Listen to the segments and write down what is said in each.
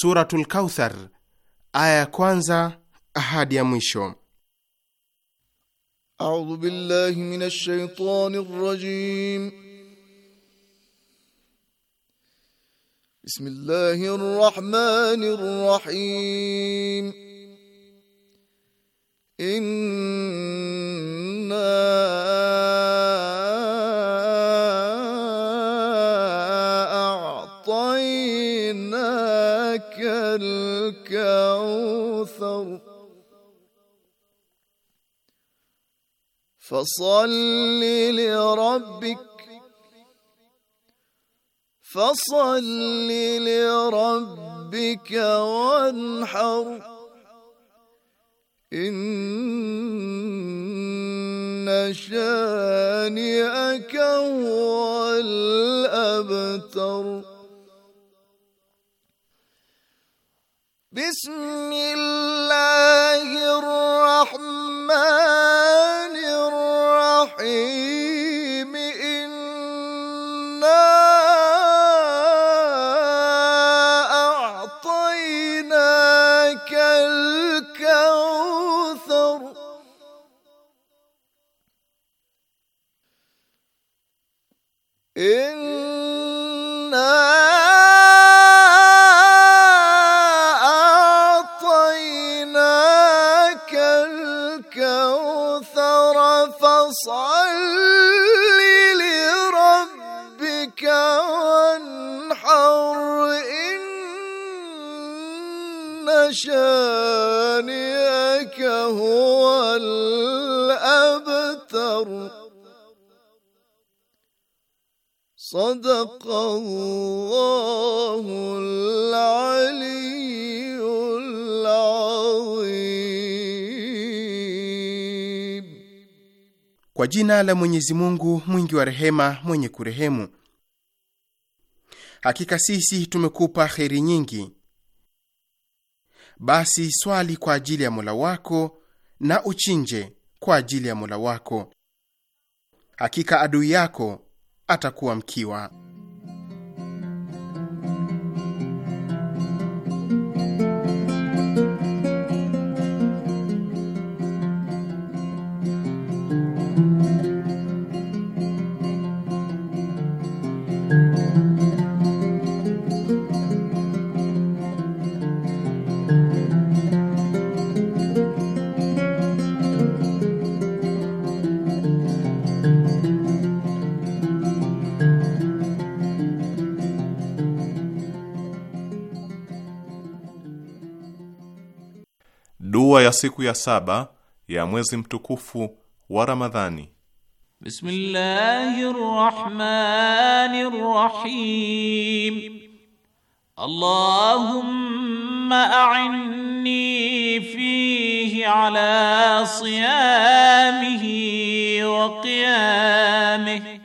Suratul Kauthar aya ya kwanza hadi ya mwisho. A'udhu billahi minash shaitani rrajim. Bismillahir rahmanir rahim. فصل لربك فصل لربك وانحر إن شانئك هو الأبتر بسم الله الرحمن الله العلي العظيم Kwa jina la Mwenyezi Mungu mwingi wa rehema mwenye kurehemu. Hakika sisi tumekupa kheri nyingi, basi swali kwa ajili ya Mola wako na uchinje kwa ajili ya Mola wako. Hakika adui yako atakuwa mkiwa. siku ya saba ya mwezi mtukufu wa Ramadhani. Bismillahir Rahmanir Rahim. Allahumma a'inni fihi ala siyamihi wa qiyamihi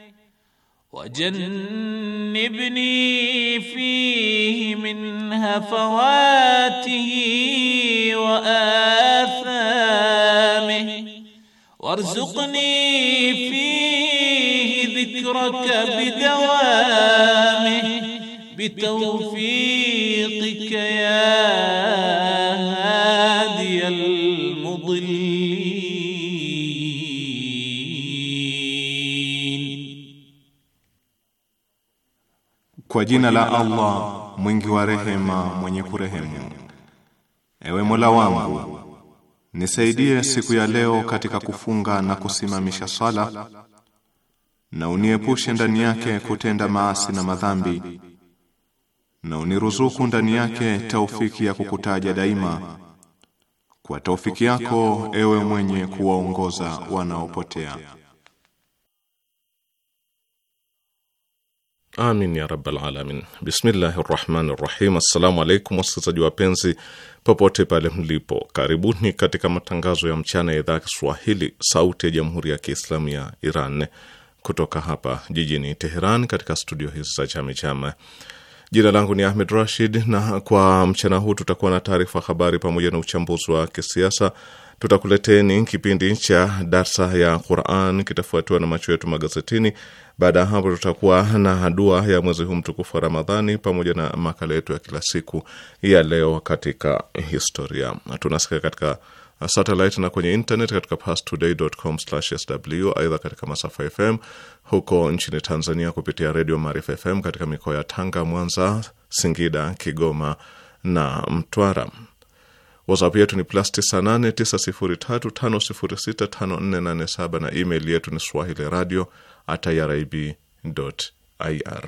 وجنبني فيه من هفواته وآثامه وارزقني فيه ذكرك بدوامه بتوفيقك يا هادي المضلين kwa jina la Allah mwingi wa rehema mwenye kurehemu Ewe Mola wangu, nisaidie siku ya leo katika kufunga na kusimamisha sala na uniepushe ndani yake kutenda maasi na madhambi na uniruzuku ndani yake taufiki ya kukutaja daima kwa taufiki yako ewe mwenye kuwaongoza wanaopotea. Amin ya rabbal alamin. Bismillahi rahmani rahim. Assalamu alaikum wasikilizaji wapenzi, popote pale mlipo, karibuni katika matangazo ya mchana ya idhaa Kiswahili sauti ya jamhuri ya Kiislamu ya Iran kutoka hapa jijini Teheran, katika studio hizi za Chamichama. Jina langu ni Ahmed Rashid, na kwa mchana huu tutakuwa na taarifa habari pamoja na uchambuzi wa kisiasa. Tutakuleteni kipindi cha darsa ya Quran, kitafuatiwa na macho yetu magazetini baada ya hapo, tutakuwa na dua ya mwezi huu mtukufu wa Ramadhani pamoja na makala yetu ya kila siku ya leo katika historia. Tunasikia katika satellite na kwenye internet katika pastoday.com/sw. Aidha, katika masafa FM huko nchini Tanzania kupitia redio Maarifa FM katika mikoa ya Tanga, Mwanza, Singida, Kigoma na Mtwara. WhatsApp yetu ni plus 98 na email yetu ni swahili radio at irib.ir.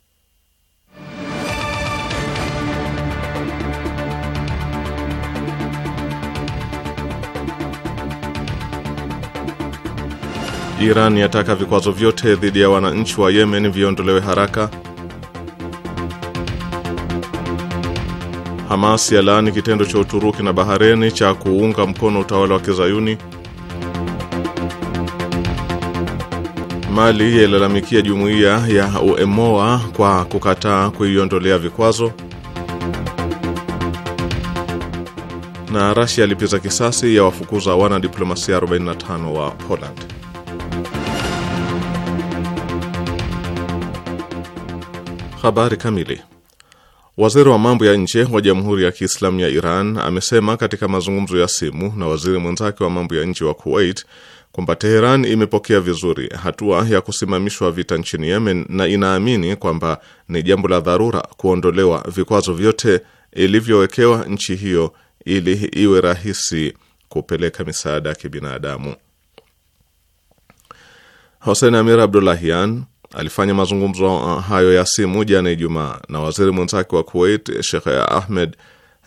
Iran yataka vikwazo vyote dhidi ya wananchi wa Yemen viondolewe haraka. Hamas yalaani kitendo cha Uturuki na Bahareni cha kuunga mkono utawala wa Kizayuni. Mali yailalamikia jumuiya ya UEMOA kwa kukataa kuiondolea vikwazo. Na Russia yalipiza kisasi ya wafukuza wana diplomasia 45 wa Poland. Habari kamili. Waziri wa mambo ya nje wa Jamhuri ya Kiislamu ya Iran amesema katika mazungumzo ya simu na waziri mwenzake wa mambo ya nje wa Kuwait kwamba Teheran imepokea vizuri hatua ya kusimamishwa vita nchini Yemen na inaamini kwamba ni jambo la dharura kuondolewa vikwazo vyote ilivyowekewa nchi hiyo ili iwe rahisi kupeleka misaada ya kibinadamu. Hossein Amir Abdollahian alifanya mazungumzo uh, hayo ya simu jana Ijumaa na waziri mwenzake wa Kuwait Sheikh Ahmed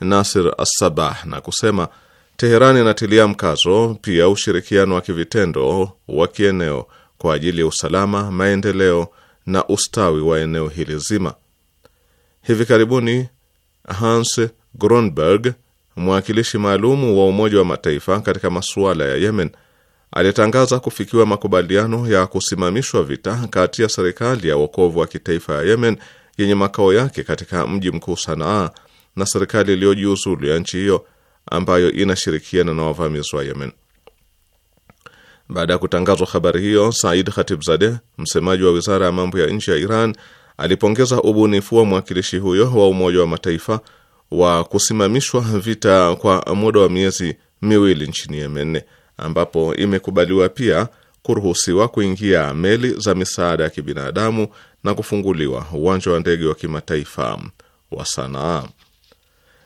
Nasir Assabah na kusema Teherani inatilia mkazo pia ushirikiano wa kivitendo wa kieneo kwa ajili ya usalama, maendeleo na ustawi wa eneo hili zima. Hivi karibuni Hans Grunberg, mwakilishi maalumu wa Umoja wa Mataifa katika masuala ya Yemen, alitangaza kufikiwa makubaliano ya kusimamishwa vita kati ya serikali ya wokovu wa kitaifa ya Yemen yenye makao yake katika mji mkuu Sanaa na serikali iliyojiuzulu ya nchi hiyo ambayo inashirikiana na wavamizi wa Yemen. Baada ya kutangazwa habari hiyo, Said Khatibzadeh, msemaji wa wizara ya mambo ya nje ya Iran, alipongeza ubunifu wa mwakilishi huyo wa Umoja wa Mataifa wa kusimamishwa vita kwa muda wa miezi miwili nchini Yemen ambapo imekubaliwa pia kuruhusiwa kuingia meli za misaada ya kibinadamu na kufunguliwa uwanja wa ndege wa kimataifa wa Sanaa.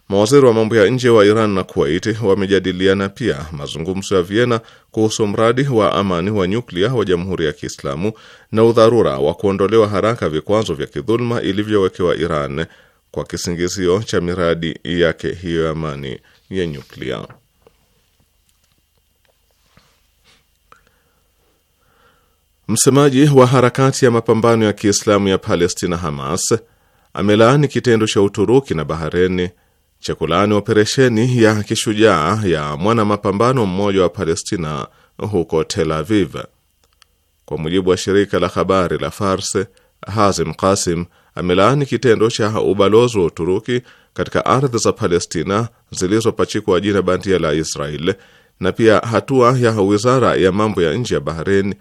Mawaziri wa mambo ya nje wa Iran na Kuwait wamejadiliana pia mazungumzo ya Vienna kuhusu mradi wa amani wa nyuklia wa Jamhuri ya Kiislamu na udharura wa kuondolewa haraka vikwazo vya kidhuluma ilivyowekewa Iran kwa kisingizio cha miradi yake hiyo ya amani ya nyuklia. Msemaji wa harakati ya mapambano ya Kiislamu ya Palestina, Hamas, amelaani kitendo cha Uturuki na Bahareni cha kulaani operesheni ya kishujaa ya mwana mapambano mmoja wa Palestina huko Tel Aviv. Kwa mujibu wa shirika la habari la Fars, Hazim Kasim amelaani kitendo cha ubalozi wa Uturuki katika ardhi za Palestina zilizopachikwa jina bandia la Israel na pia hatua ya wizara ya mambo ya nje ya Bahrein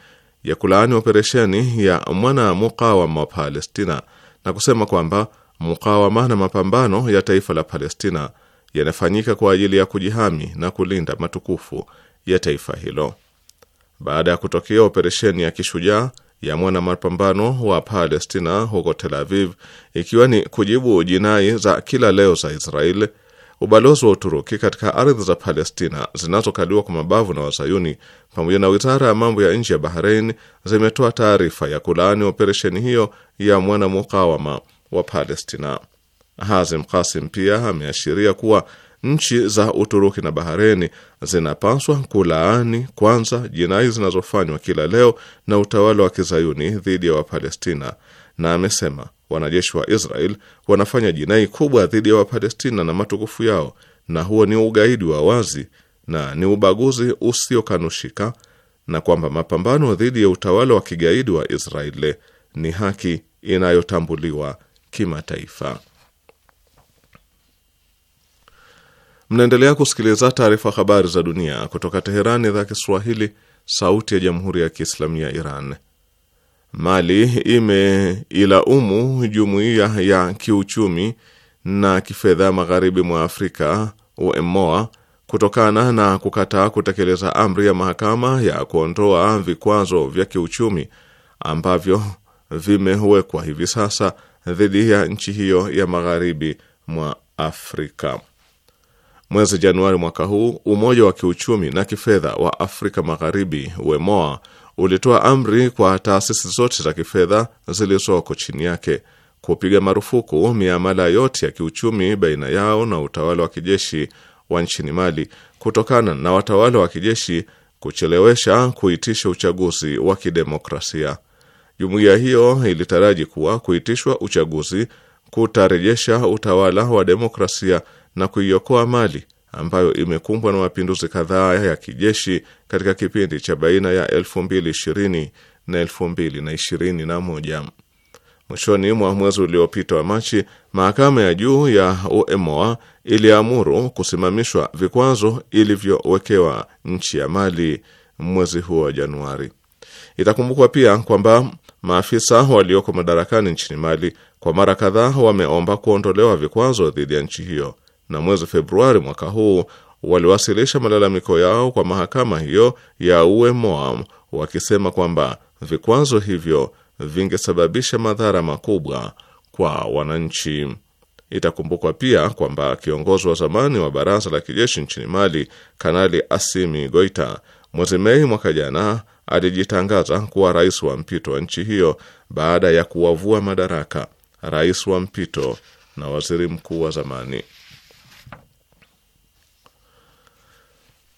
ya kulaani operesheni ya mwana mukawama wa Palestina na kusema kwamba mukawama na mapambano ya taifa la Palestina yanafanyika kwa ajili ya kujihami na kulinda matukufu ya taifa hilo. Baada ya kutokea operesheni ya kishujaa ya mwana mapambano wa Palestina huko Tel Aviv, ikiwa ni kujibu jinai za kila leo za Israeli ubalozi wa Uturuki katika ardhi za Palestina zinazokaliwa kwa mabavu na Wazayuni pamoja na wizara ya mambo ya nje ya bahrein zimetoa taarifa ya kulaani operesheni hiyo ya mwanamukawama wa Palestina. Hazim Kasim pia ameashiria kuwa nchi za Uturuki na Bahareni zinapaswa kulaani kwanza jinai zinazofanywa kila leo na utawala wa kizayuni dhidi ya Wapalestina, na amesema wanajeshi wa Israel wanafanya jinai kubwa dhidi ya Wapalestina na matukufu yao, na huo ni ugaidi wa wazi na ni ubaguzi usiokanushika, na kwamba mapambano dhidi ya utawala wa kigaidi wa Israel ni haki inayotambuliwa kimataifa. Mnaendelea kusikiliza taarifa habari za dunia kutoka Teherani, idhaa Kiswahili, sauti ya jamhuri ya kiislamu ya Iran. Mali imeilaumu jumuiya ya kiuchumi na kifedha magharibi mwa Afrika UEMOA kutokana na kukataa kutekeleza amri ya mahakama ya kuondoa vikwazo vya kiuchumi ambavyo vimewekwa hivi sasa dhidi ya nchi hiyo ya magharibi mwa Afrika. Mwezi Januari mwaka huu, Umoja wa Kiuchumi na Kifedha wa Afrika Magharibi UEMOA ulitoa amri kwa taasisi zote za kifedha zilizoko chini yake kupiga marufuku miamala yote ya kiuchumi baina yao na utawala wa kijeshi wa nchini Mali kutokana na watawala wa kijeshi kuchelewesha kuitisha uchaguzi wa kidemokrasia. Jumuiya hiyo ilitaraji kuwa kuitishwa uchaguzi kutarejesha utawala wa demokrasia na kuiokoa Mali ambayo imekumbwa na mapinduzi kadhaa ya kijeshi katika kipindi cha baina ya 2020 na 2021. Mwishoni mwa mwezi uliopita wa Machi, mahakama ya juu ya UEMOA iliamuru kusimamishwa vikwazo ilivyowekewa nchi ya Mali mwezi huo wa Januari. Itakumbukwa pia kwamba maafisa walioko madarakani nchini Mali kwa mara kadhaa wameomba kuondolewa vikwazo dhidi ya nchi hiyo na mwezi Februari mwaka huu waliwasilisha malalamiko yao kwa mahakama hiyo ya UEMOAM wakisema kwamba vikwazo hivyo vingesababisha madhara makubwa kwa wananchi. Itakumbukwa pia kwamba kiongozi wa zamani wa baraza la kijeshi nchini Mali, Kanali Asimi Goita, mwezi Mei mwaka jana alijitangaza kuwa rais wa mpito wa nchi hiyo baada ya kuwavua madaraka rais wa mpito na waziri mkuu wa zamani.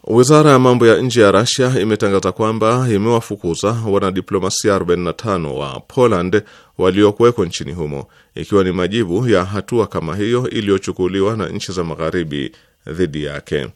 Wizara ya mambo ya nje ya rasia imetangaza kwamba imewafukuza wanadiplomasia 45 wa Poland waliokuwekwa nchini humo ikiwa ni majibu ya hatua kama hiyo iliyochukuliwa na nchi za magharibi dhidi yake.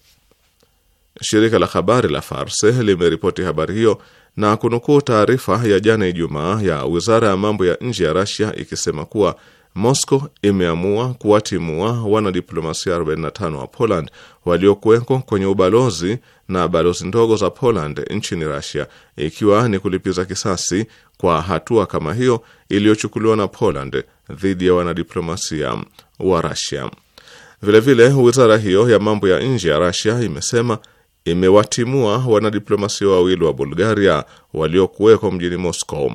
Shirika la habari la farse limeripoti habari hiyo na kunukuu taarifa ya jana Ijumaa ya wizara ya mambo ya nje ya rasia ikisema kuwa Moscow imeamua kuwatimua wanadiplomasia 45 wa Poland waliokuwekwa kwenye ubalozi na balozi ndogo za Poland nchini Russia, ikiwa ni kulipiza kisasi kwa hatua kama hiyo iliyochukuliwa na Poland dhidi ya wanadiplomasia wa Russia. Vilevile, wizara hiyo ya mambo ya nje ya Russia imesema imewatimua wanadiplomasia wawili wa Bulgaria waliokuwekwa mjini Moscow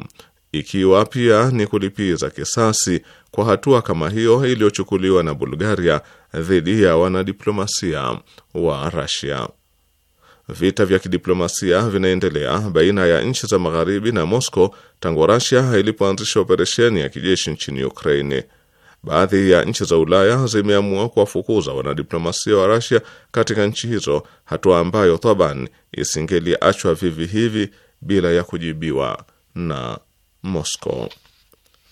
ikiwa pia ni kulipiza kisasi kwa hatua kama hiyo iliyochukuliwa na Bulgaria dhidi ya wanadiplomasia wa Russia. Vita vya kidiplomasia vinaendelea baina ya nchi za magharibi na Moscow tangu Russia ilipoanzisha operesheni ya kijeshi nchini Ukraine. Baadhi ya nchi za Ulaya zimeamua kuwafukuza wanadiplomasia wa Russia katika nchi hizo, hatua ambayo thaban isingeliachwa vivi hivi bila ya kujibiwa na Moscow.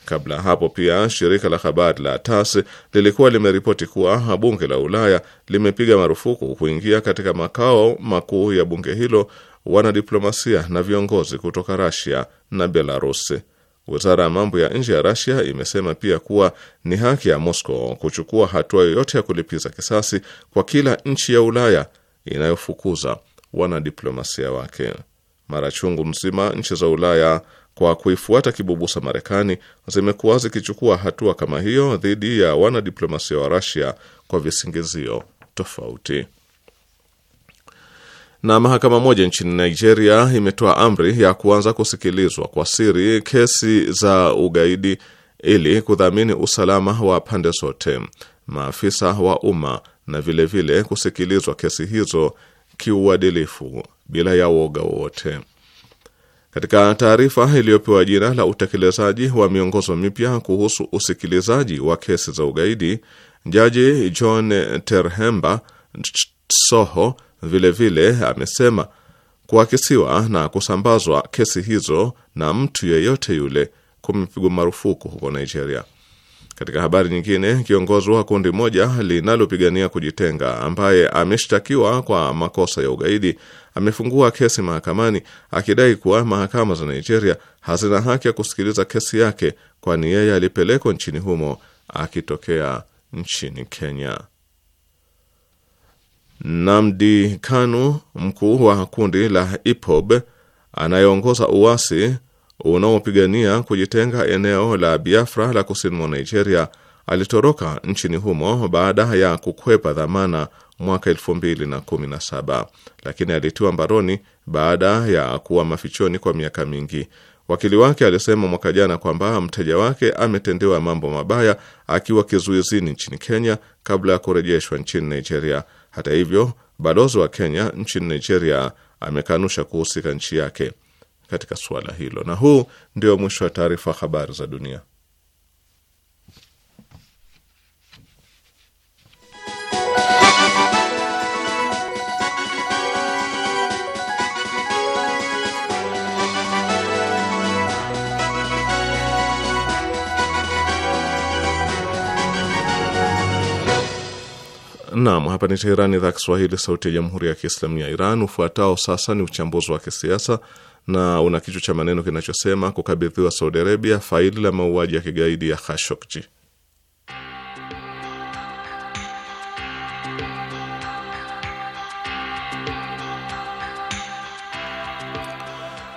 Kabla ya hapo pia shirika la habari la TAS lilikuwa limeripoti kuwa bunge la Ulaya limepiga marufuku kuingia katika makao makuu ya bunge hilo wanadiplomasia na viongozi kutoka Rasia na Belarusi. Wizara ya mambo ya nje ya Rasia imesema pia kuwa ni haki ya Moscow kuchukua hatua yoyote ya kulipiza kisasi kwa kila nchi ya Ulaya inayofukuza wanadiplomasia wake. Mara chungu mzima nchi za Ulaya kwa kuifuata kibubusa Marekani zimekuwa zikichukua hatua kama hiyo dhidi ya wanadiplomasia wa rasia kwa visingizio tofauti. Na mahakama moja nchini Nigeria imetoa amri ya kuanza kusikilizwa kwa siri kesi za ugaidi ili kudhamini usalama wa pande zote, maafisa wa umma na vilevile vile kusikilizwa kesi hizo kiuadilifu bila ya woga wowote. Katika taarifa iliyopewa jina la utekelezaji wa miongozo mipya kuhusu usikilizaji wa kesi za ugaidi, Jaji John Terhemba Soho vilevile amesema kuakisiwa na kusambazwa kesi hizo na mtu yeyote yule kumepigwa marufuku huko Nigeria. Katika habari nyingine, kiongozi wa kundi moja linalopigania kujitenga ambaye ameshtakiwa kwa makosa ya ugaidi amefungua kesi mahakamani akidai kuwa mahakama za Nigeria hazina haki ya kusikiliza kesi yake, kwani yeye alipelekwa nchini humo akitokea nchini Kenya. Namdi Kanu, mkuu wa kundi la IPOB anayeongoza uasi unaopigania kujitenga eneo la Biafra la kusini mwa Nigeria, alitoroka nchini humo baada ya kukwepa dhamana mwaka saba lakini alitiwa mbaroni baada ya kuwa mafichoni kwa miaka mingi. Wakili wake alisema mwaka jana kwamba mteja wake ametendewa mambo mabaya akiwa kizuizini nchini Kenya kabla ya kurejeshwa nchini Nigeria. Hata hivyo, balozi wa Kenya nchini Nigeria amekanusha kuhusika nchi yake katika suala hilo. Na huu ndio mwisho wa taarifa habari za dunia. Naam, hapa ni Teherani, idhaa Kiswahili, sauti ya jamhuri ya kiislamu ya Iran. Ufuatao sasa ni uchambuzi wa kisiasa na una kichwa cha maneno kinachosema kukabidhiwa Saudi Arabia faili la mauaji ya kigaidi ya Khashoggi.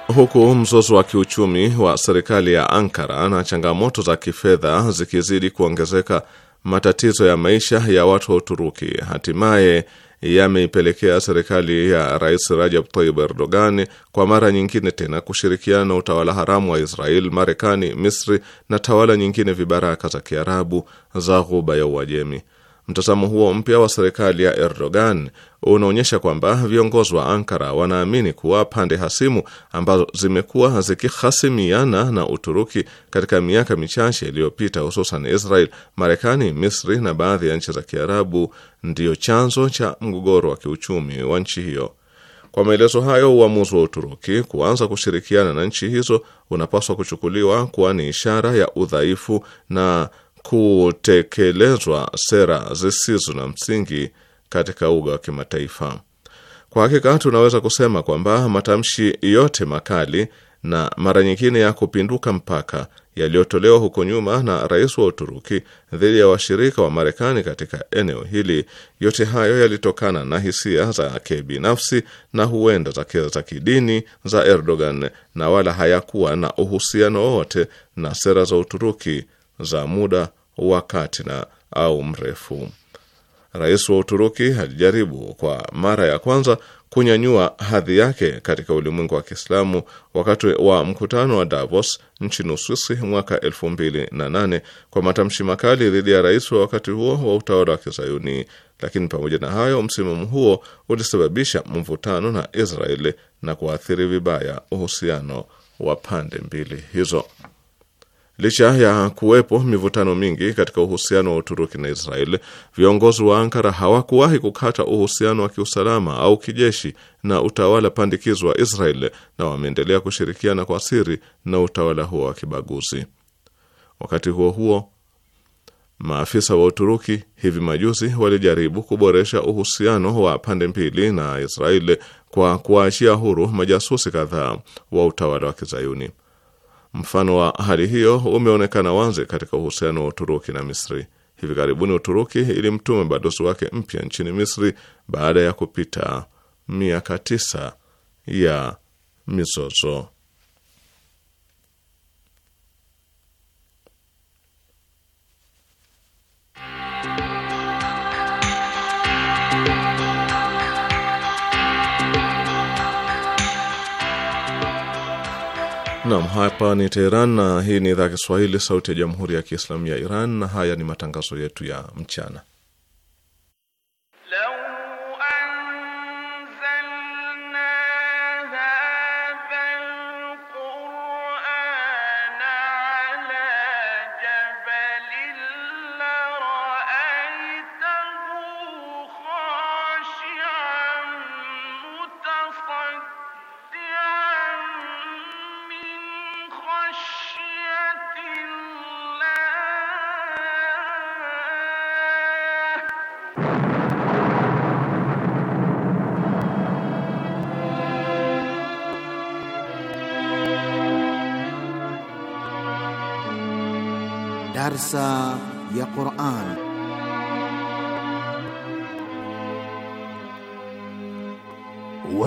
Huku mzozo wa kiuchumi wa serikali ya Ankara na changamoto za kifedha zikizidi kuongezeka matatizo ya maisha ya watu wa Uturuki hatimaye yameipelekea serikali ya Rais Rajab Tayyip Erdogan kwa mara nyingine tena kushirikiana na utawala haramu wa Israel, Marekani, Misri na tawala nyingine vibaraka za Kiarabu za Ghuba ya Uajemi. Mtazamo huo mpya wa serikali ya Erdogan unaonyesha kwamba viongozi wa Ankara wanaamini kuwa pande hasimu ambazo zimekuwa zikihasimiana na Uturuki katika miaka michache iliyopita, hususan Israel, Marekani, Misri na baadhi ya nchi za Kiarabu, ndiyo chanzo cha mgogoro wa kiuchumi wa nchi hiyo. Kwa maelezo hayo, uamuzi wa Uturuki kuanza kushirikiana na nchi hizo unapaswa kuchukuliwa kuwa ni ishara ya udhaifu na kutekelezwa sera zisizo na msingi katika uga wa kimataifa. Kwa hakika tunaweza kusema kwamba matamshi yote makali na mara nyingine ya kupinduka mpaka yaliyotolewa huko nyuma na rais wa Uturuki dhidi ya washirika wa Marekani katika eneo hili, yote hayo yalitokana na hisia za kibinafsi na huenda za kidini za Erdogan na wala hayakuwa na uhusiano wowote na sera za Uturuki za muda wa kati na au mrefu. Rais wa Uturuki alijaribu kwa mara ya kwanza kunyanyua hadhi yake katika ulimwengu wa Kiislamu wakati wa mkutano wa Davos nchini Uswisi mwaka nane kwa matamshi makali dhidi ya rais wa wakati huo wa utawala wa Kizayuni. Lakini pamoja na hayo, msimamo huo ulisababisha mvutano na Israeli na kuathiri vibaya uhusiano wa pande mbili hizo. Licha ya kuwepo mivutano mingi katika uhusiano wa Uturuki na Israeli, viongozi wa Ankara hawakuwahi kukata uhusiano wa kiusalama au kijeshi na utawala pandikizo wa Israeli na wameendelea kushirikiana kwa siri na utawala huo wa kibaguzi. Wakati huo huo, maafisa wa Uturuki hivi majuzi walijaribu kuboresha uhusiano wa pande mbili na Israeli kwa kuwaachia huru majasusi kadhaa wa utawala wa kizayuni. Mfano wa hali hiyo umeonekana wazi katika uhusiano wa Uturuki na Misri. Hivi karibuni Uturuki ilimtuma balozi wake mpya nchini Misri baada ya kupita miaka tisa ya mizozo. Naam, hapa ni Teheran na hii ni idhaa ya Kiswahili, sauti ya jamhuri ya kiislamu ya Iran, na haya ni matangazo yetu ya mchana.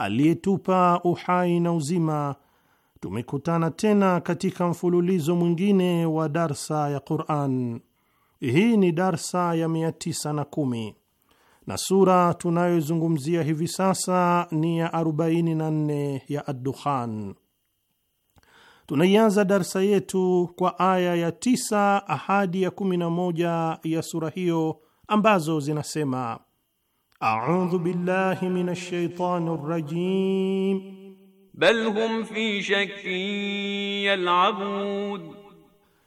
aliyetupa uhai na uzima, tumekutana tena katika mfululizo mwingine wa darsa ya Quran. Hii ni darsa ya 910 na sura tunayozungumzia hivi sasa ni ya 44 ya Addukhan. Tunaianza darsa yetu kwa aya ya 9 hadi ya 11 ya sura hiyo ambazo zinasema أعوذ بالله من الشيطان الرجيم بل هم في شك يلعبون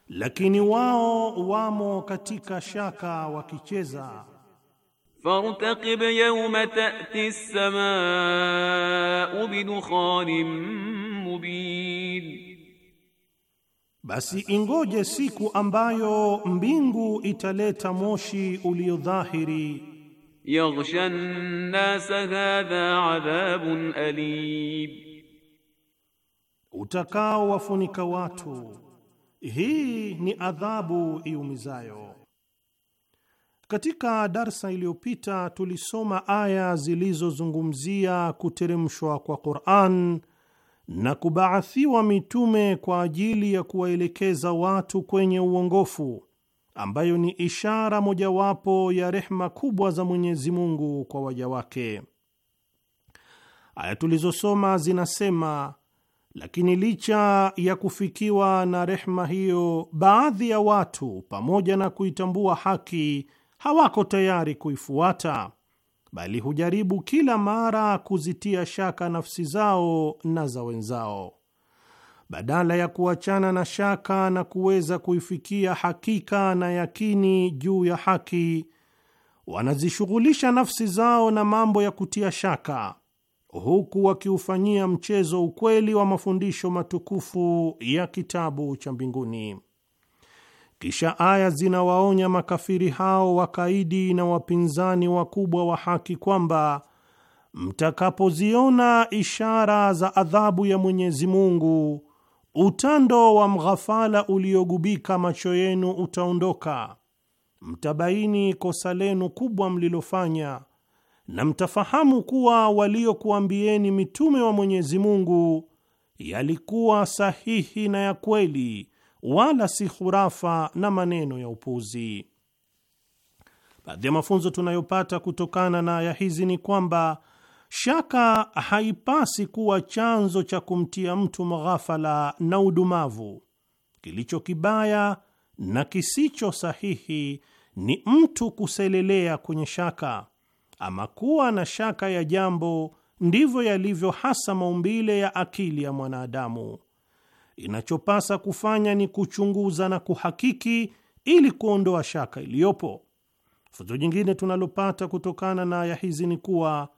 lakini wao wamo katika shaka wakicheza fartaqib yawma ta'ti as-samaa'u bidukhanin mubin basi ingoje siku ambayo mbingu italeta moshi uliodhahiri yaghsha an-nas hadha adhabun alim, utakaowafunika watu, hii ni adhabu iumizayo. Katika darsa iliyopita tulisoma aya zilizozungumzia kuteremshwa kwa Qur'an na kubaathiwa mitume kwa ajili ya kuwaelekeza watu kwenye uongofu ambayo ni ishara mojawapo ya rehma kubwa za Mwenyezi Mungu kwa waja wake. Aya tulizosoma zinasema, lakini licha ya kufikiwa na rehma hiyo, baadhi ya watu pamoja na kuitambua haki hawako tayari kuifuata, bali hujaribu kila mara kuzitia shaka nafsi zao na za wenzao badala ya kuachana na shaka na kuweza kuifikia hakika na yakini juu ya haki, wanazishughulisha nafsi zao na mambo ya kutia shaka, huku wakiufanyia mchezo ukweli wa mafundisho matukufu ya kitabu cha mbinguni. Kisha aya zinawaonya makafiri hao wakaidi na wapinzani wakubwa wa haki kwamba mtakapoziona ishara za adhabu ya Mwenyezi Mungu Utando wa mghafala uliogubika macho yenu utaondoka, mtabaini kosa lenu kubwa mlilofanya, na mtafahamu kuwa waliokuambieni mitume wa Mwenyezi Mungu yalikuwa sahihi na ya kweli, wala si khurafa na maneno ya upuzi. Baadhi ya mafunzo tunayopata kutokana na aya hizi ni kwamba Shaka haipasi kuwa chanzo cha kumtia mtu maghafala na udumavu. Kilicho kibaya na kisicho sahihi ni mtu kuselelea kwenye shaka, ama kuwa na shaka ya jambo. Ndivyo yalivyo hasa maumbile ya akili ya mwanadamu. Inachopasa kufanya ni kuchunguza na kuhakiki ili kuondoa shaka iliyopo. Funzo jingine tunalopata kutokana na aya hizi ni kuwa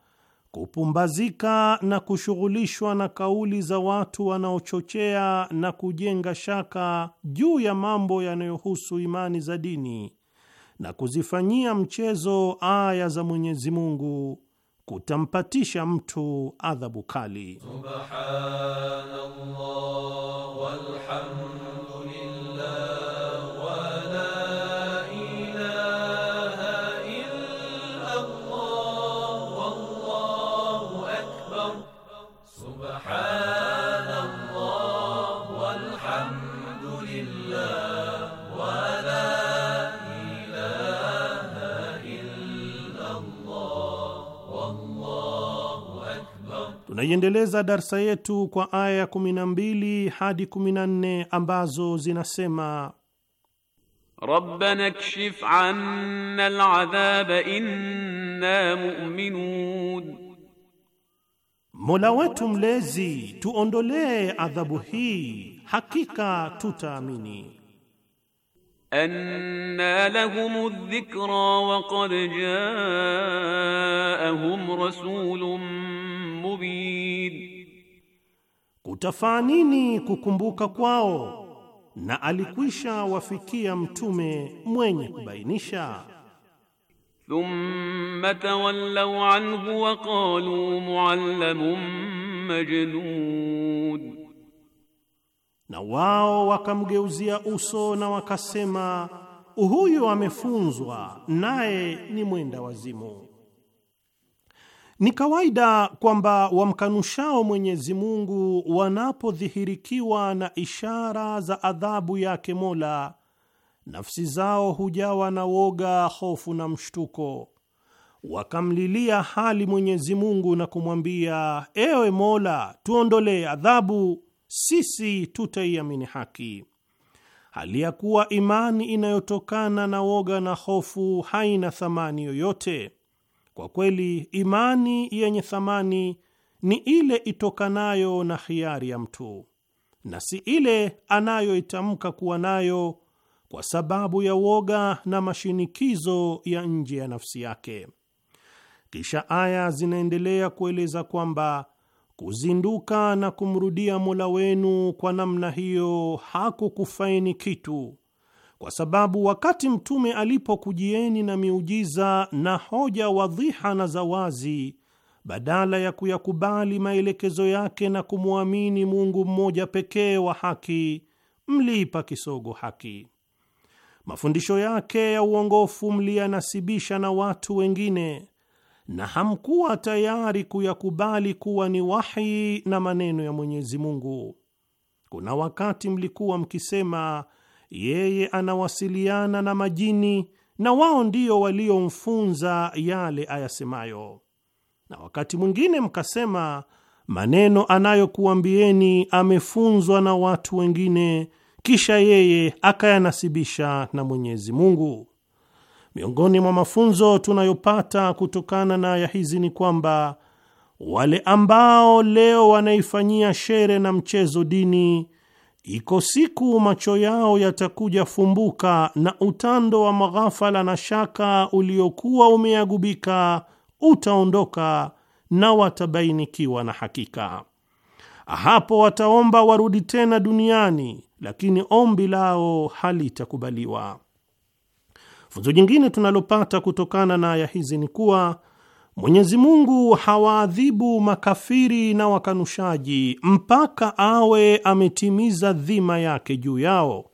kupumbazika na kushughulishwa na kauli za watu wanaochochea na kujenga shaka juu ya mambo yanayohusu imani za dini na kuzifanyia mchezo aya za Mwenyezi Mungu kutampatisha mtu adhabu kali. Subhanallah Tunaiendeleza darsa yetu kwa aya 12 hadi 14 ambazo zinasema: Rabbana kshif anna al'adhaba inna mu'minun, Mola wetu mlezi tuondolee adhabu hii, hakika tutaamini. Anna lahumu dhikra wa qad jaahum rasulun mubin, kutafaa nini kukumbuka kwao na alikwisha wafikia mtume mwenye kubainisha. Thumma tawallaw anhu wa qalu muallamun majnun, na wao wakamgeuzia uso na wakasema huyu amefunzwa naye ni mwenda wazimu. Ni kawaida kwamba wamkanushao Mwenyezi Mungu wanapodhihirikiwa na ishara za adhabu yake Mola, nafsi zao hujawa na woga, hofu na mshtuko, wakamlilia hali Mwenyezi Mungu na kumwambia, ewe Mola, tuondolee adhabu, sisi tutaiamini haki, hali ya kuwa imani inayotokana na woga na hofu haina thamani yoyote kwa kweli imani yenye thamani ni ile itokanayo na hiari ya mtu na si ile anayoitamka kuwa nayo kwa sababu ya woga na mashinikizo ya nje ya nafsi yake. Kisha aya zinaendelea kueleza kwamba kuzinduka na kumrudia Mola wenu kwa namna hiyo hakukufaini kitu kwa sababu wakati mtume alipokujieni na miujiza na hoja wadhiha na za wazi, badala ya kuyakubali maelekezo yake na kumwamini Mungu mmoja pekee wa haki, mliipa kisogo haki. Mafundisho yake ya uongofu mliyanasibisha na watu wengine, na hamkuwa tayari kuyakubali kuwa ni wahi na maneno ya Mwenyezi Mungu. Kuna wakati mlikuwa mkisema yeye anawasiliana na majini na wao ndio waliomfunza yale ayasemayo. Na wakati mwingine mkasema maneno anayokuambieni amefunzwa na watu wengine, kisha yeye akayanasibisha na Mwenyezi Mungu. Miongoni mwa mafunzo tunayopata kutokana na aya hizi ni kwamba wale ambao leo wanaifanyia shere na mchezo dini Iko siku macho yao yatakuja fumbuka na utando wa maghafala na shaka uliokuwa umeagubika utaondoka na watabainikiwa na hakika. Hapo wataomba warudi tena duniani, lakini ombi lao halitakubaliwa. Funzo jingine tunalopata kutokana na aya hizi ni kuwa Mwenyezi Mungu hawaadhibu makafiri na wakanushaji mpaka awe ametimiza dhima yake juu yao.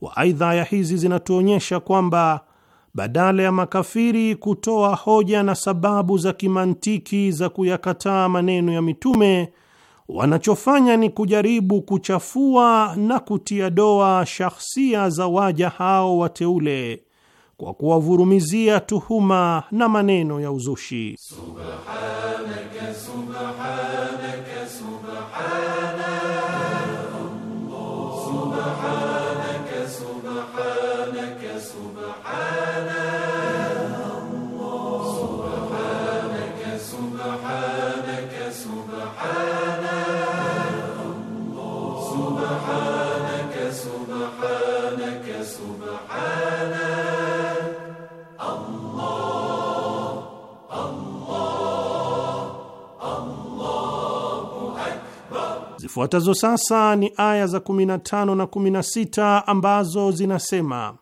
wa Aidha, ya hizi zinatuonyesha kwamba badala ya makafiri kutoa hoja na sababu za kimantiki za kuyakataa maneno ya mitume, wanachofanya ni kujaribu kuchafua na kutia doa shahsia za waja hao wateule kwa kuwavurumizia tuhuma na maneno ya uzushi. Subhanaka, subhanaka, subhanaka, Allah, subhanaka. Zifuatazo sasa ni aya za 15 na 16 ambazo zinasema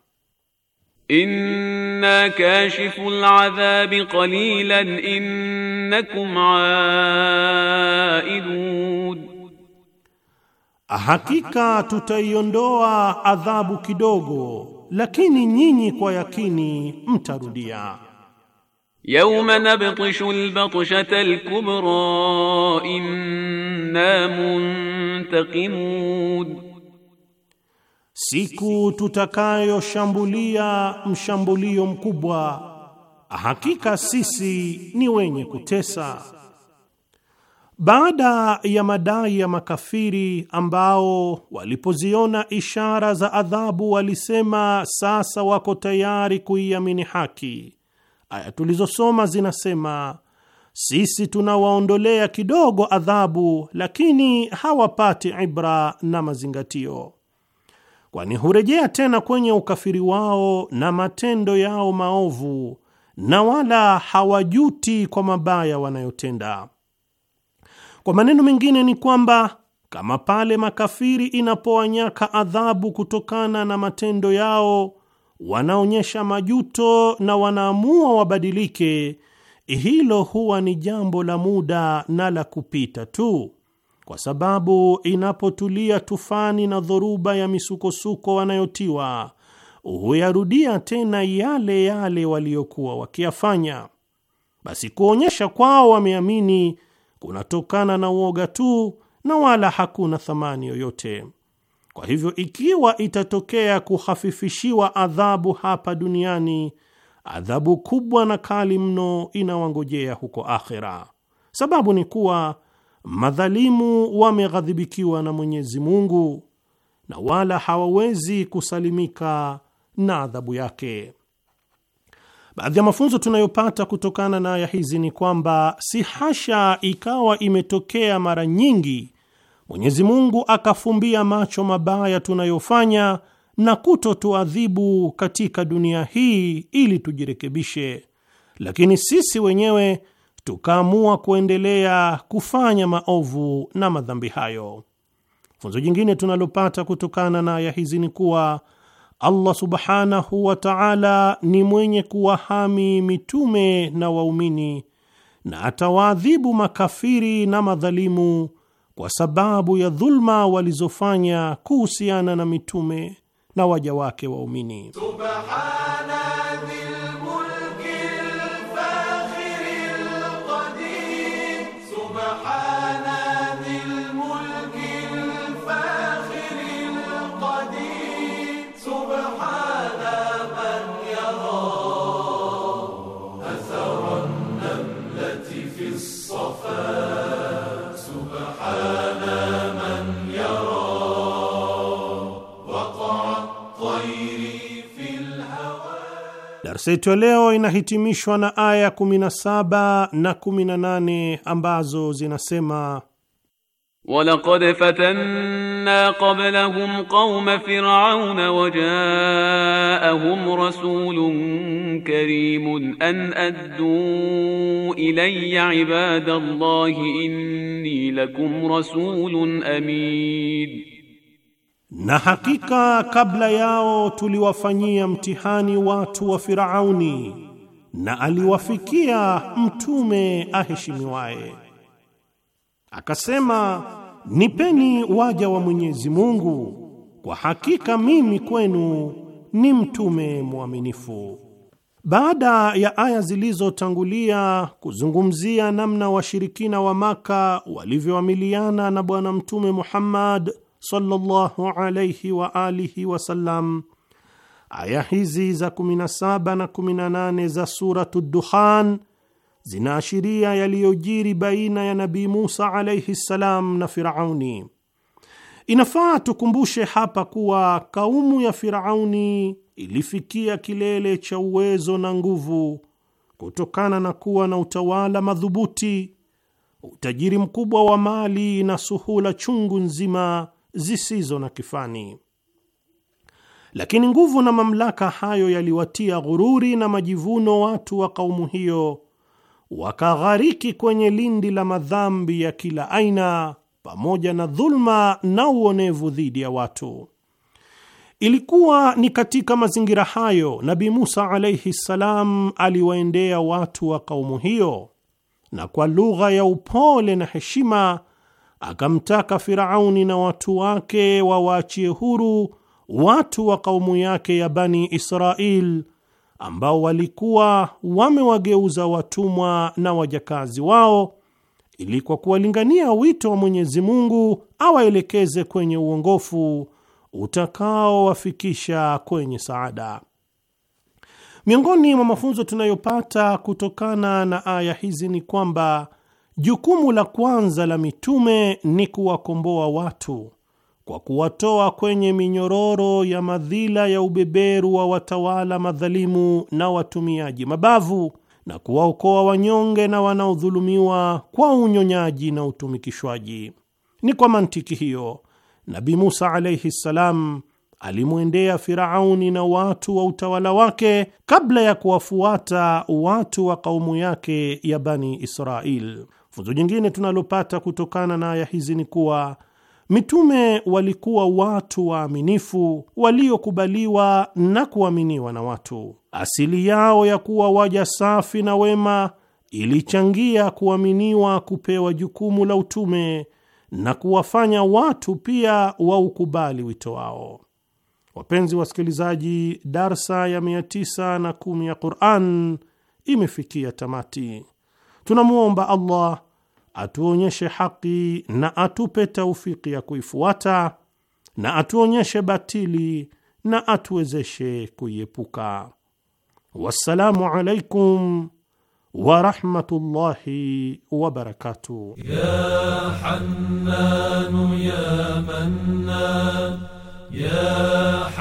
Inna kashifu al-adhabi qalilan innakum aidun, hakika tutaiondoa adhabu kidogo, lakini nyinyi kwa yakini mtarudia. Yawma nabtishu albatshata alkubra inna muntaqimun, siku tutakayoshambulia mshambulio mkubwa, hakika sisi ni wenye kutesa. Baada ya madai ya makafiri ambao walipoziona ishara za adhabu walisema sasa wako tayari kuiamini haki Aya tulizosoma zinasema sisi tunawaondolea kidogo adhabu, lakini hawapati ibra na mazingatio, kwani hurejea tena kwenye ukafiri wao na matendo yao maovu, na wala hawajuti kwa mabaya wanayotenda. Kwa maneno mengine ni kwamba kama pale makafiri inapowanyaka adhabu kutokana na matendo yao wanaonyesha majuto na wanaamua wabadilike, hilo huwa ni jambo la muda na la kupita tu, kwa sababu inapotulia tufani na dhoruba ya misukosuko wanayotiwa huyarudia tena yale yale waliyokuwa wakiyafanya. Basi kuonyesha kwao wameamini kunatokana na uoga tu na wala hakuna thamani yoyote. Kwa hivyo, ikiwa itatokea kuhafifishiwa adhabu hapa duniani, adhabu kubwa na kali mno inawangojea huko akhera. Sababu ni kuwa madhalimu wameghadhibikiwa na Mwenyezi Mungu na wala hawawezi kusalimika na adhabu yake. Baadhi ya mafunzo tunayopata kutokana na aya hizi ni kwamba si hasha ikawa imetokea mara nyingi Mwenyezi Mungu akafumbia macho mabaya tunayofanya na kutotuadhibu katika dunia hii ili tujirekebishe, lakini sisi wenyewe tukaamua kuendelea kufanya maovu na madhambi hayo. Funzo jingine tunalopata kutokana na aya hizi ni kuwa Allah subhanahu wa ta'ala ni mwenye kuwahami mitume na waumini na atawaadhibu makafiri na madhalimu kwa sababu ya dhulma walizofanya kuhusiana na mitume na waja wake waumini Subhan Darsa yetu ya leo inahitimishwa na aya 17 na 18 ambazo zinasema walaqad fatanna qablahum qauma firauna wajaahum rasulun karimun an addu ilayya ibadallahi inni lakum rasulun amin Na hakika kabla yao tuliwafanyia mtihani watu wa Firauni na aliwafikia mtume aheshimiwaye. Akasema, nipeni waja wa Mwenyezi Mungu, kwa hakika mimi kwenu ni mtume mwaminifu. Baada ya aya zilizotangulia kuzungumzia namna washirikina wa Maka walivyoamiliana na Bwana Mtume Muhammad sallallahu alayhi wa alihi sallam, Aya hizi za 17 na 18 za Suratu Dukhan zinaashiria yaliyojiri baina ya Nabii Musa alayhi salam na Firauni. Inafaa tukumbushe hapa kuwa kaumu ya Firauni ilifikia kilele cha uwezo na nguvu kutokana na kuwa na utawala madhubuti, utajiri mkubwa wa mali na suhula chungu nzima zisizo na kifani. Lakini nguvu na mamlaka hayo yaliwatia ghururi na majivuno watu wa kaumu hiyo, wakaghariki kwenye lindi la madhambi ya kila aina pamoja na dhulma na uonevu dhidi ya watu. Ilikuwa ni katika mazingira hayo Nabi Musa alaihi ssalam aliwaendea watu wa kaumu hiyo na kwa lugha ya upole na heshima akamtaka Firauni na watu wake wawaachie huru watu wa kaumu yake ya Bani Israil ambao walikuwa wamewageuza watumwa na wajakazi wao, ili kwa kuwalingania wito wa Mwenyezi Mungu awaelekeze kwenye uongofu utakaowafikisha kwenye saada. Miongoni mwa mafunzo tunayopata kutokana na aya hizi ni kwamba Jukumu la kwanza la mitume ni kuwakomboa watu kwa kuwatoa kwenye minyororo ya madhila ya ubeberu wa watawala madhalimu na watumiaji mabavu na kuwaokoa wanyonge na wanaodhulumiwa kwa unyonyaji na utumikishwaji. Ni kwa mantiki hiyo Nabi Musa alaihi ssalam alimwendea Firauni na watu wa utawala wake kabla ya kuwafuata watu wa kaumu yake ya Bani Israil. Funzo jingine tunalopata kutokana na aya hizi ni kuwa mitume walikuwa watu waaminifu waliokubaliwa na kuaminiwa na watu. Asili yao ya kuwa waja safi na wema ilichangia kuaminiwa, kupewa jukumu la utume na kuwafanya watu pia waukubali wito wao. Wapenzi wasikilizaji, darsa ya 910 ya Qur'an imefikia tamati. Tunamwomba Allah atuonyeshe haki na atupe taufiki ya kuifuata na atuonyeshe batili na atuwezeshe kuiepuka. Wassalamu alaikum wa rahmatullahi Ya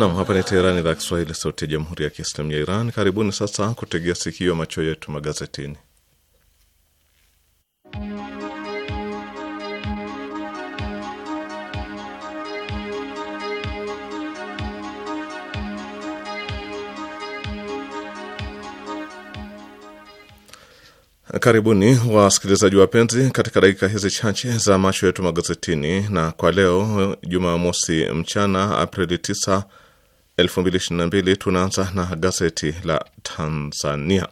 Nam, hapa ni Teherani, idhaa Kiswahili, sauti ya jamhuri ya kiislamu ya Iran. Karibuni sasa kutegea sikio, macho yetu magazetini. Karibuni wasikilizaji wapenzi, katika dakika hizi chache za macho yetu magazetini, na kwa leo Jumamosi mchana Aprili 9 2022. Tunaanza na gazeti la Tanzania.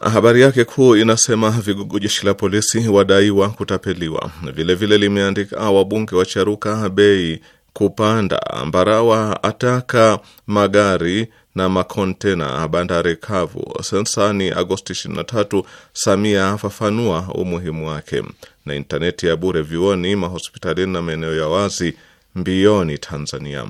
Habari yake kuu inasema vigugu jeshi la polisi wadaiwa kutapeliwa. Vilevile vile limeandika wabunge wacharuka bei kupanda, Mbarawa ataka magari na makontena bandari kavu. Sensa ni Agosti 23, Samia afafanua umuhimu wake. Na intaneti ya bure vioni mahospitalini na maeneo ya wazi mbioni Tanzania.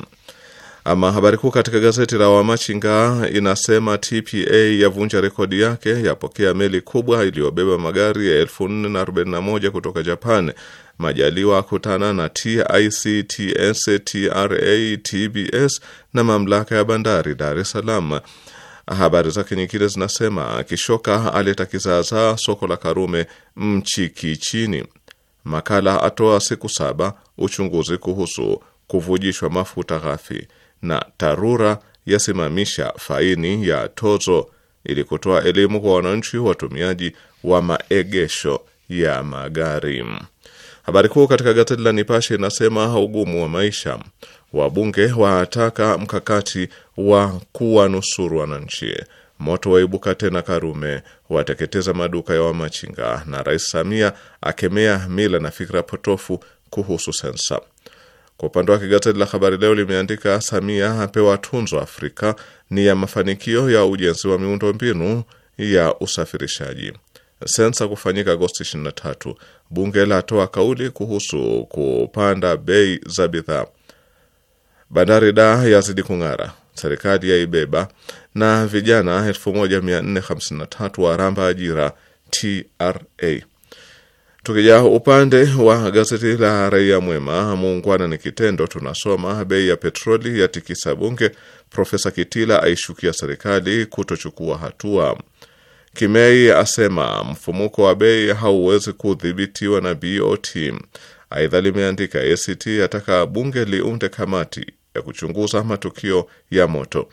Ama habari kuu katika gazeti la Wamachinga inasema TPA yavunja rekodi yake, yapokea meli kubwa iliyobeba magari ya 4041 kutoka Japan. Majaliwa akutana na TICTS, TRA, TBS na mamlaka ya bandari Dar es Salaam. Habari zake nyingine zinasema Kishoka aleta kizaazaa soko la Karume mchikichini Makala atoa siku saba uchunguzi kuhusu kuvujishwa mafuta ghafi, na TARURA yasimamisha faini ya tozo ili kutoa elimu kwa wananchi watumiaji wa maegesho ya magari. Habari kuu katika gazeti la Nipashe inasema ugumu wa maisha, wabunge wataka mkakati wa kuwanusuru wananchi moto waibuka tena Karume, wateketeza maduka ya wamachinga, na Rais Samia akemea mila na fikra potofu kuhusu sensa. Kwa upande wake gazeti la Habari Leo limeandika Samia apewa tunzo Afrika ni ya mafanikio ya ujenzi wa miundo mbinu ya usafirishaji. Sensa kufanyika Agosti 23. Bunge latoa kauli kuhusu kupanda bei za bidhaa. Bandari da yazidi kung'ara serikali yaibeba na vijana 1453 waramba ajira TRA. Tukija upande wa gazeti la Raia Mwema, muungwana ni kitendo, tunasoma bei ya petroli ya tikisa bunge, Profesa Kitila aishukia serikali kutochukua hatua. Kimei asema mfumuko wa bei hauwezi kudhibitiwa na BOT. Aidha limeandika ACT ataka bunge liunde kamati ya kuchunguza matukio ya moto.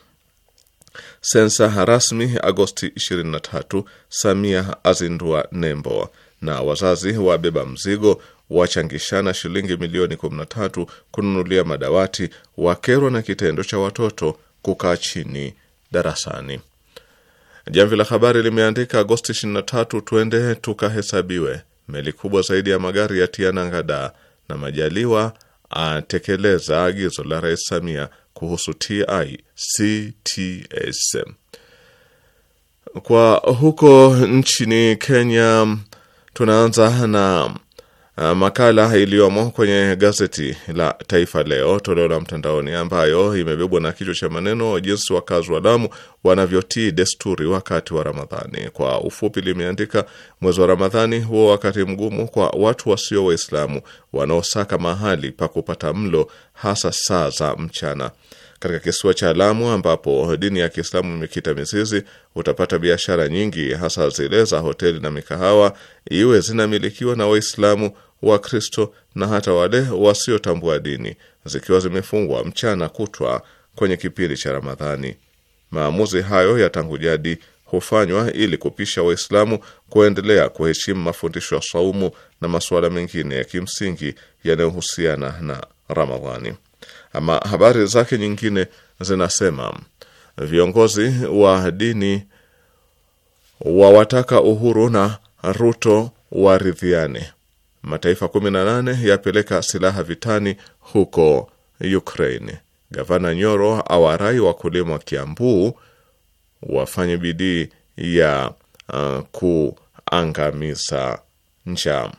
Sensa rasmi Agosti 23, Samia azindua nembo na wazazi wabeba mzigo wachangishana shilingi milioni 13 kununulia madawati, wakerwa na kitendo cha watoto kukaa chini darasani. Jamvi la Habari limeandika Agosti 23, twende tukahesabiwe, meli kubwa zaidi ya magari ya tianangada na Majaliwa atekeleza agizo la Rais Samia kuhusu TICTS. Kwa huko nchini Kenya, tunaanza na Uh, makala iliyomo kwenye gazeti la Taifa Leo toleo la mtandaoni ambayo imebebwa na kichwa cha maneno jinsi wakazi wa Lamu wanavyotii desturi wakati wa Ramadhani. Kwa ufupi, limeandika mwezi wa Ramadhani huo wakati mgumu kwa watu wasio Waislamu wanaosaka mahali pa kupata mlo, hasa saa za mchana katika kisiwa cha Lamu ambapo dini ya Kiislamu imekita mizizi, utapata biashara nyingi, hasa zile za hoteli na mikahawa, iwe zinamilikiwa na Waislamu, Wakristo na hata wale wasiotambua dini, zikiwa zimefungwa mchana kutwa kwenye kipindi cha Ramadhani. Maamuzi hayo ya tangu jadi hufanywa ili kupisha Waislamu kuendelea kuheshimu mafundisho ya saumu na masuala mengine ya kimsingi yanayohusiana na Ramadhani. Ama habari zake nyingine zinasema viongozi wa dini wawataka Uhuru na Ruto waridhiane. Mataifa 18 yapeleka silaha vitani huko Ukraine. Gavana Nyoro awarai wakulima wa Kiambu wafanye bidii ya uh, kuangamiza njaa.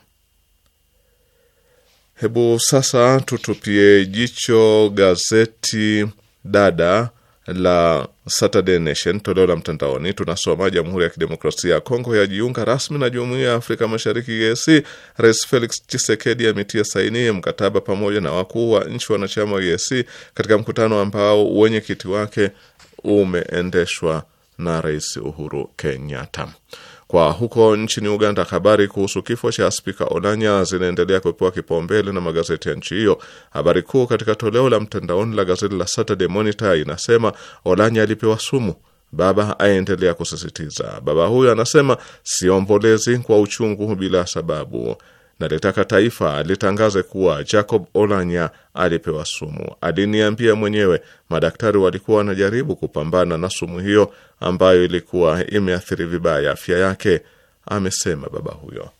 Hebu sasa tutupie jicho gazeti dada la Saturday Nation toleo la mtandaoni. Tunasoma Jamhuri ya Kidemokrasia ya Kongo yajiunga rasmi na Jumuiya ya Afrika Mashariki EAC. Rais Felix Tshisekedi ametia saini mkataba pamoja na wakuu wa nchi wanachama wa EAC katika mkutano ambao wenyekiti wake umeendeshwa na Rais Uhuru Kenyatta. Kwa huko nchini Uganda, habari kuhusu kifo cha spika Olanya zinaendelea kupewa kipaumbele na magazeti ya nchi hiyo. Habari kuu katika toleo la mtandaoni la gazeti la Saturday Monitor inasema Olanya alipewa sumu. Baba aendelea kusisitiza. Baba huyo anasema siombolezi kwa uchungu bila sababu na litaka taifa litangaze kuwa Jacob Olanya alipewa sumu. Aliniambia mwenyewe madaktari walikuwa wanajaribu kupambana na sumu hiyo ambayo ilikuwa imeathiri vibaya afya yake, amesema baba huyo.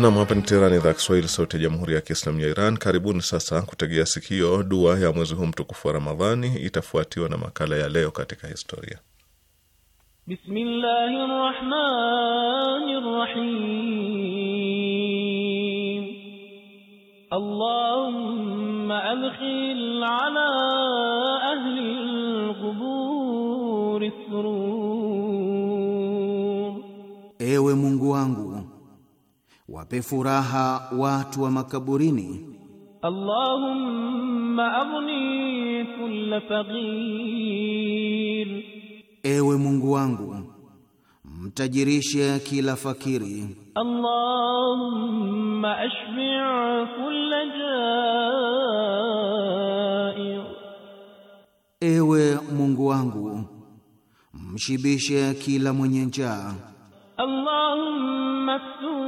Nam, hapa ni Teherani, idhaa Kiswahili, sauti ya jamhuri ya kiislamu ya Iran. Karibuni sasa kutegea sikio dua ya mwezi huu mtukufu wa Ramadhani, itafuatiwa na makala ya leo katika historia. Bismillahi rahmani rahim. Allahumma adkhil ala ahli Ewe Mungu wangu wape furaha watu wa makaburini. Allahumma aghni kull faqir, ewe Mungu wangu mtajirishe kila fakiri. Allahumma ashbi kull jair, ewe Mungu wangu mshibishe kila mwenye njaa. Allahumma fsun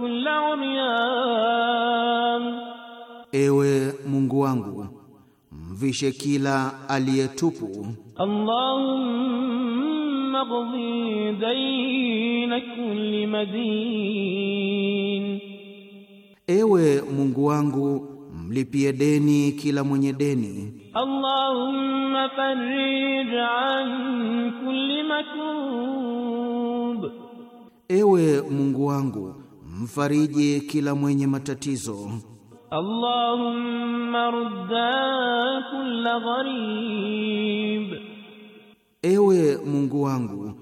kulla umyan, ewe Mungu wangu mvishe kila aliyetupu. Allahumma qdi dayna kulli madin, ewe Mungu wangu mlipie deni kila mwenye deni. Allahumma farij an kulli makun Ewe Mungu wangu, mfariji kila mwenye matatizo. Allahumma rudda kulla gharib, Ewe Mungu wangu,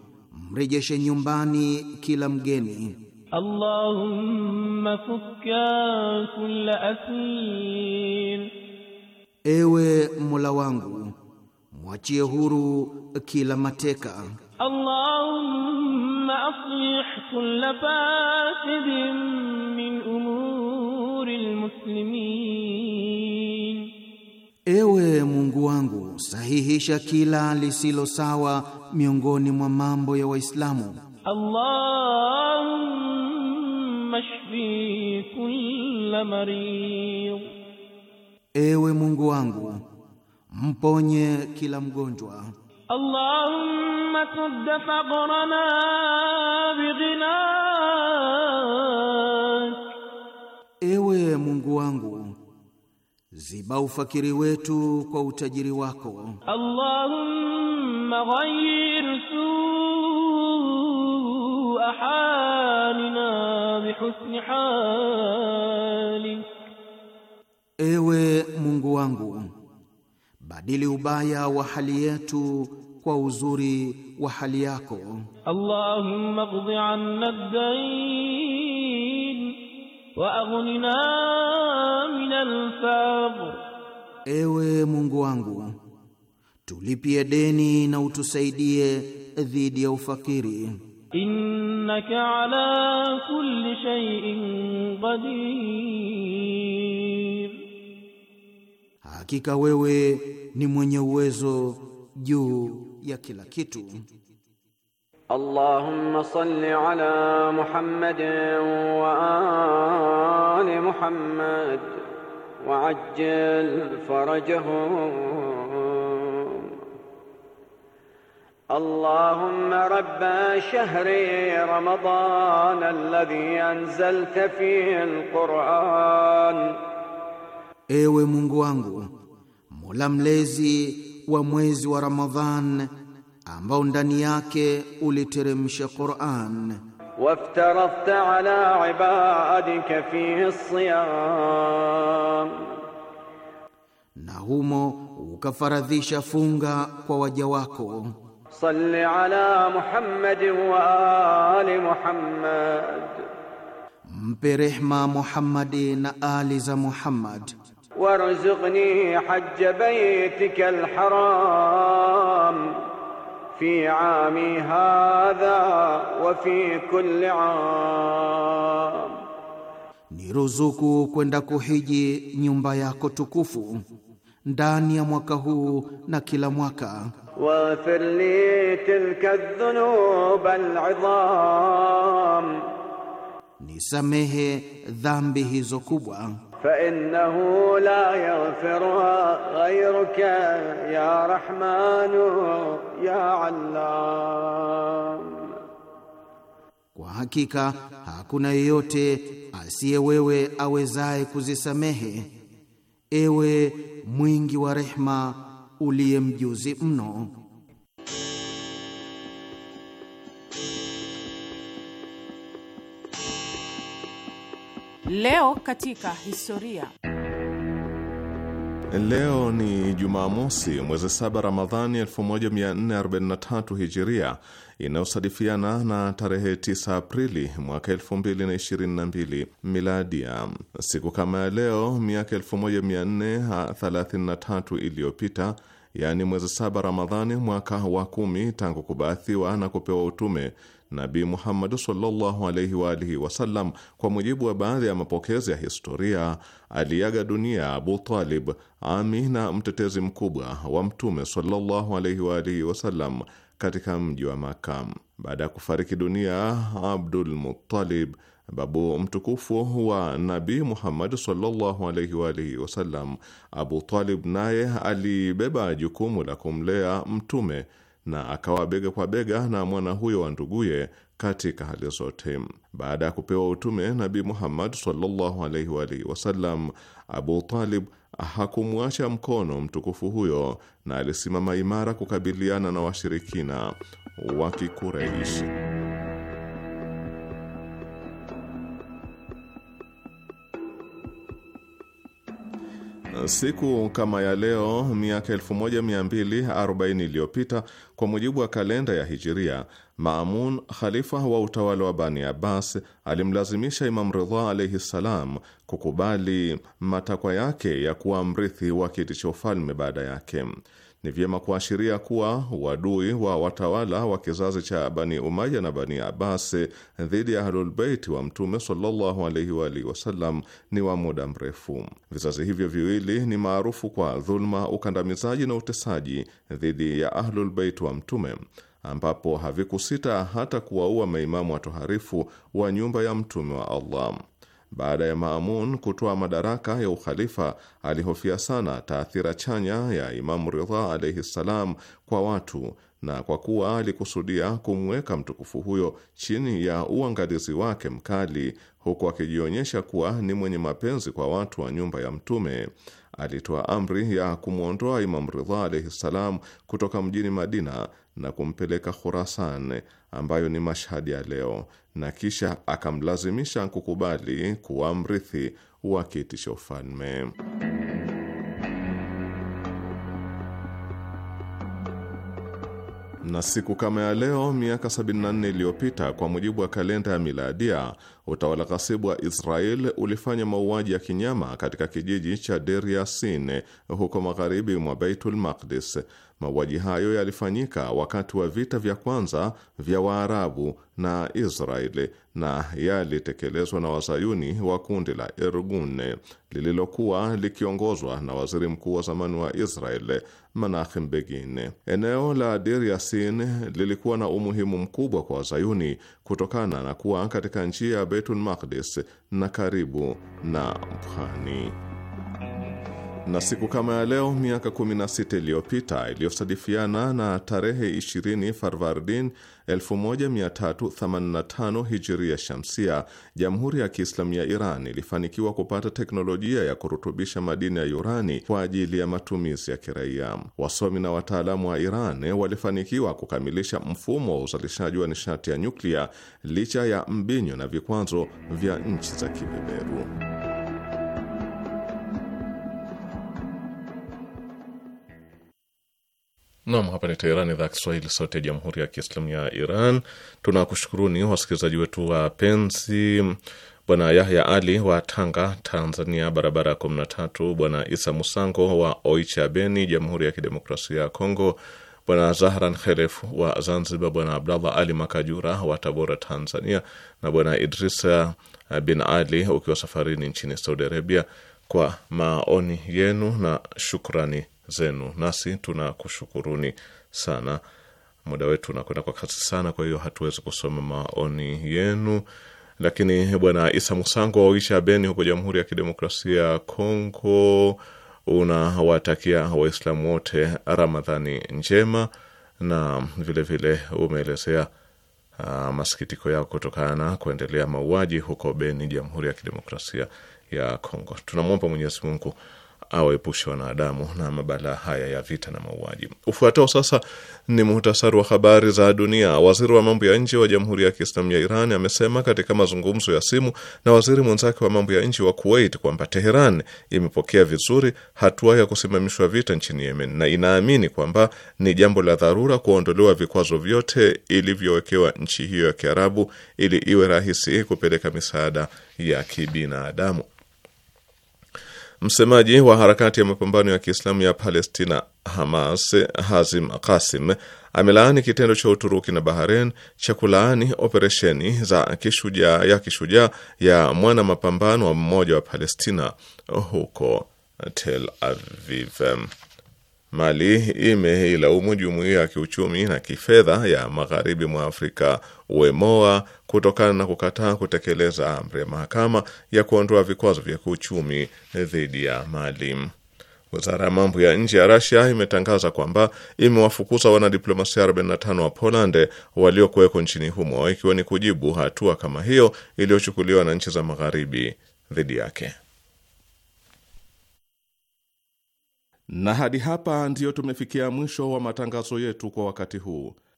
mrejeshe nyumbani kila mgeni. Allahumma fukka kulla asir, Ewe Mola wangu, mwachie huru kila mateka. Allahumma aslih كل فاسد من أمور المسلمين Ewe Mungu wangu, sahihisha kila lisilo sawa miongoni mwa mambo ya Waislamu. Allahumma shfi kull marid, Ewe Mungu wangu, mponye kila mgonjwa. اللهم سد فقرنا بغناك Ewe Mungu wangu ziba ufakiri wetu kwa utajiri wako Allahumma ghayyir su'a halina bihusni halik Ewe Mungu wangu badili ubaya wa hali yetu kwa uzuri wa hali yako. Allahumma qdi anna ad-dayn wa aghnina min al-faqr, ewe Mungu wangu tulipie deni na utusaidie dhidi ya ufakiri. Innaka ala kulli shay'in qadir, hakika wewe ni mwenye uwezo juu ya kila kitu. Allahumma salli ala Muhammad wa ali Muhammad wa ajjil farajahum. Allahumma rabba shahri Ramadan alladhi anzalta fihi alquran, ewe Mungu wangu mola mlezi wa mwezi wa Ramadhan ambao ndani yake uliteremsha Qur'an. waftarafta ala ibadika fi siyam, na humo ukafaradhisha funga kwa waja wako. salli ala Muhammad wa ali Muhammad, mpe rehma Muhammadi na ali za Muhammad. وارزقني حج بيتك الحرام في عامي هذا وفي كل عام نرزقك niruzuku kwenda kuhiji nyumba yako tukufu ndani ya mwaka huu na kila mwaka. Waghfir li tilka dhunub al'idham, nisamehe dhambi hizo kubwa فإنه لا يغفرها غيرك يا رحمن يا علام Kwa hakika hakuna yeyote asiye wewe awezaye kuzisamehe, ewe mwingi wa rehma, uliye mjuzi mno. Leo katika historia. Leo ni Jumamosi, mwezi saba Ramadhani 1443 Hijiria, inayosadifiana na tarehe 9 Aprili mwaka 2022 Miladia. Siku kama ya leo miaka 1433 iliyopita, yaani mwezi saba Ramadhani mwaka wa kumi tangu kubaathiwa na kupewa utume Nabii Muhammad sallallahu alaihi wa alihi wasallam, kwa mujibu wa baadhi ya mapokezi ya historia, aliaga dunia Abu Talib, ami na mtetezi mkubwa wa Mtume sallallahu alaihi wa alihi wasallam, katika mji wa Makka. Baada ya kufariki dunia Abdul Muttalib, babu mtukufu wa Nabii Muhammad sallallahu alaihi wa alihi wasallam, Abu Talib naye alibeba jukumu la kumlea Mtume na akawa bega kwa bega na mwana huyo wa nduguye katika hali zote. Baada ya kupewa utume Nabii Muhammad sallallahu alaihi wa alihi wasallam, Abu Talib hakumwacha mkono mtukufu huyo na alisimama imara kukabiliana na washirikina wa Kikureishi. Siku kama ya leo miaka 1240 iliyopita kwa mujibu wa kalenda ya Hijiria, Maamun khalifa wa utawala wa Bani Abbas alimlazimisha Imam Ridha alaihi ssalam kukubali matakwa yake ya kuwa mrithi wa kiti cha ufalme baada yake. Ni vyema kuashiria kuwa uadui wa watawala wa kizazi cha Bani Umaya na Bani Abbas dhidi ya ahlulbeiti wa Mtume sallallahu alaihi wa alihi wasallam ni wa muda mrefu. Vizazi hivyo viwili ni maarufu kwa dhuluma, ukandamizaji na utesaji dhidi ya Ahlulbeit wa Mtume, ambapo havikusita hata kuwaua maimamu watoharifu wa nyumba ya Mtume wa Allah. Baada ya Maamun kutoa madaraka ya ukhalifa, alihofia sana taathira chanya ya Imamu Ridha alaihi ssalam kwa watu, na kwa kuwa alikusudia kumweka mtukufu huyo chini ya uangalizi wake mkali, huku akijionyesha kuwa ni mwenye mapenzi kwa watu wa nyumba ya Mtume, alitoa amri ya kumwondoa Imamu Ridha alaihi ssalam kutoka mjini Madina na kumpeleka Khurasan ambayo ni mashahadi ya leo, na kisha akamlazimisha kukubali kuwa mrithi wa kiti cha ufalme. na siku kama ya leo miaka 74 iliyopita kwa mujibu wa kalenda ya miladia, utawala ghasibu wa Israel ulifanya mauaji ya kinyama katika kijiji cha Deir huko magharibi mwa Baitul Maqdis Mauaji hayo yalifanyika wakati wa vita vya kwanza vya Waarabu na Israeli na yalitekelezwa na wazayuni wa kundi la Irgun lililokuwa likiongozwa na waziri mkuu wa zamani wa Israeli Menachem Begin. Eneo la Deir Yassin lilikuwa na umuhimu mkubwa kwa wazayuni kutokana na kuwa katika njia ya Beitul Maqdis na karibu na mpwani. Na siku kama ya leo miaka 16 iliyopita iliyosadifiana na tarehe 20 Farvardin 1385 hijiria shamsia, Jamhuri ya Kiislamu ya Iran ilifanikiwa kupata teknolojia ya kurutubisha madini ya urani kwa ajili ya matumizi ya kiraia. Wasomi na wataalamu wa Iran walifanikiwa kukamilisha mfumo wa uzalishaji wa nishati ya nyuklia licha ya mbinyo na vikwazo vya nchi za kibeberu. Nam, hapa ni Teherani, idhaa ya Kiswahili, sauti ya jamhuri ya kiislamu ya Iran. Tunakushukuruni wasikilizaji wetu wapenzi, Bwana Yahya Ali wa Tanga, Tanzania, barabara ya kumi na tatu, Bwana Isa Musango wa Oicha Beni, jamhuri ya kidemokrasia ya Kongo, Bwana Zahran Khelef wa Zanzibar, Bwana Abdallah Ali Makajura wa Tabora, Tanzania, na Bwana Idrisa bin Ali ukiwa safarini nchini Saudi Arabia, kwa maoni yenu na shukrani zenu, nasi tunakushukuruni sana. Muda wetu unakwenda kwa kasi sana, kwa hiyo hatuwezi kusoma maoni yenu, lakini bwana Isa Musango waisha Beni huko Jamhuri ya Kidemokrasia ya Kongo unawatakia Waislamu wote Ramadhani njema na vilevile umeelezea uh, masikitiko yao kutokana na kuendelea mauaji huko Beni, Jamhuri ya Kidemokrasia ya Kongo. Tunamwomba Mwenyezi Mungu awaepushe wanadamu na mabalaa haya ya vita na mauaji. Ufuatao sasa ni muhtasari wa habari za dunia. Waziri wa mambo ya nje wa Jamhuri ya Kiislamu ya Iran amesema katika mazungumzo ya simu na waziri mwenzake wa mambo ya nje wa Kuwait kwamba Teheran imepokea vizuri hatua ya kusimamishwa vita nchini Yemen na inaamini kwamba ni jambo la dharura kuondolewa vikwazo vyote ilivyowekewa nchi hiyo ya Kiarabu ili iwe rahisi kupeleka misaada ya kibinadamu. Msemaji wa harakati ya mapambano ya Kiislamu ya Palestina Hamas, Hazim Qasim, amelaani kitendo cha Uturuki na Bahrain cha kulaani operesheni za kishujaa ya kishujaa ya mwana mapambano wa mmoja wa Palestina huko Tel Aviv. Mali imeilaumu jumuiya ya kiuchumi na kifedha ya magharibi mwa Afrika, WEMOA, kutokana na kukataa kutekeleza amri ya mahakama ya kuondoa vikwazo vya kiuchumi dhidi ya Mali. Wizara ya mambo ya nje ya Rasia imetangaza kwamba imewafukuza wanadiplomasia 45 wa Poland waliokuweko nchini humo ikiwa ni kujibu hatua kama hiyo iliyochukuliwa na nchi za magharibi dhidi yake. Na hadi hapa ndiyo tumefikia mwisho wa matangazo yetu kwa wakati huu.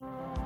Bye.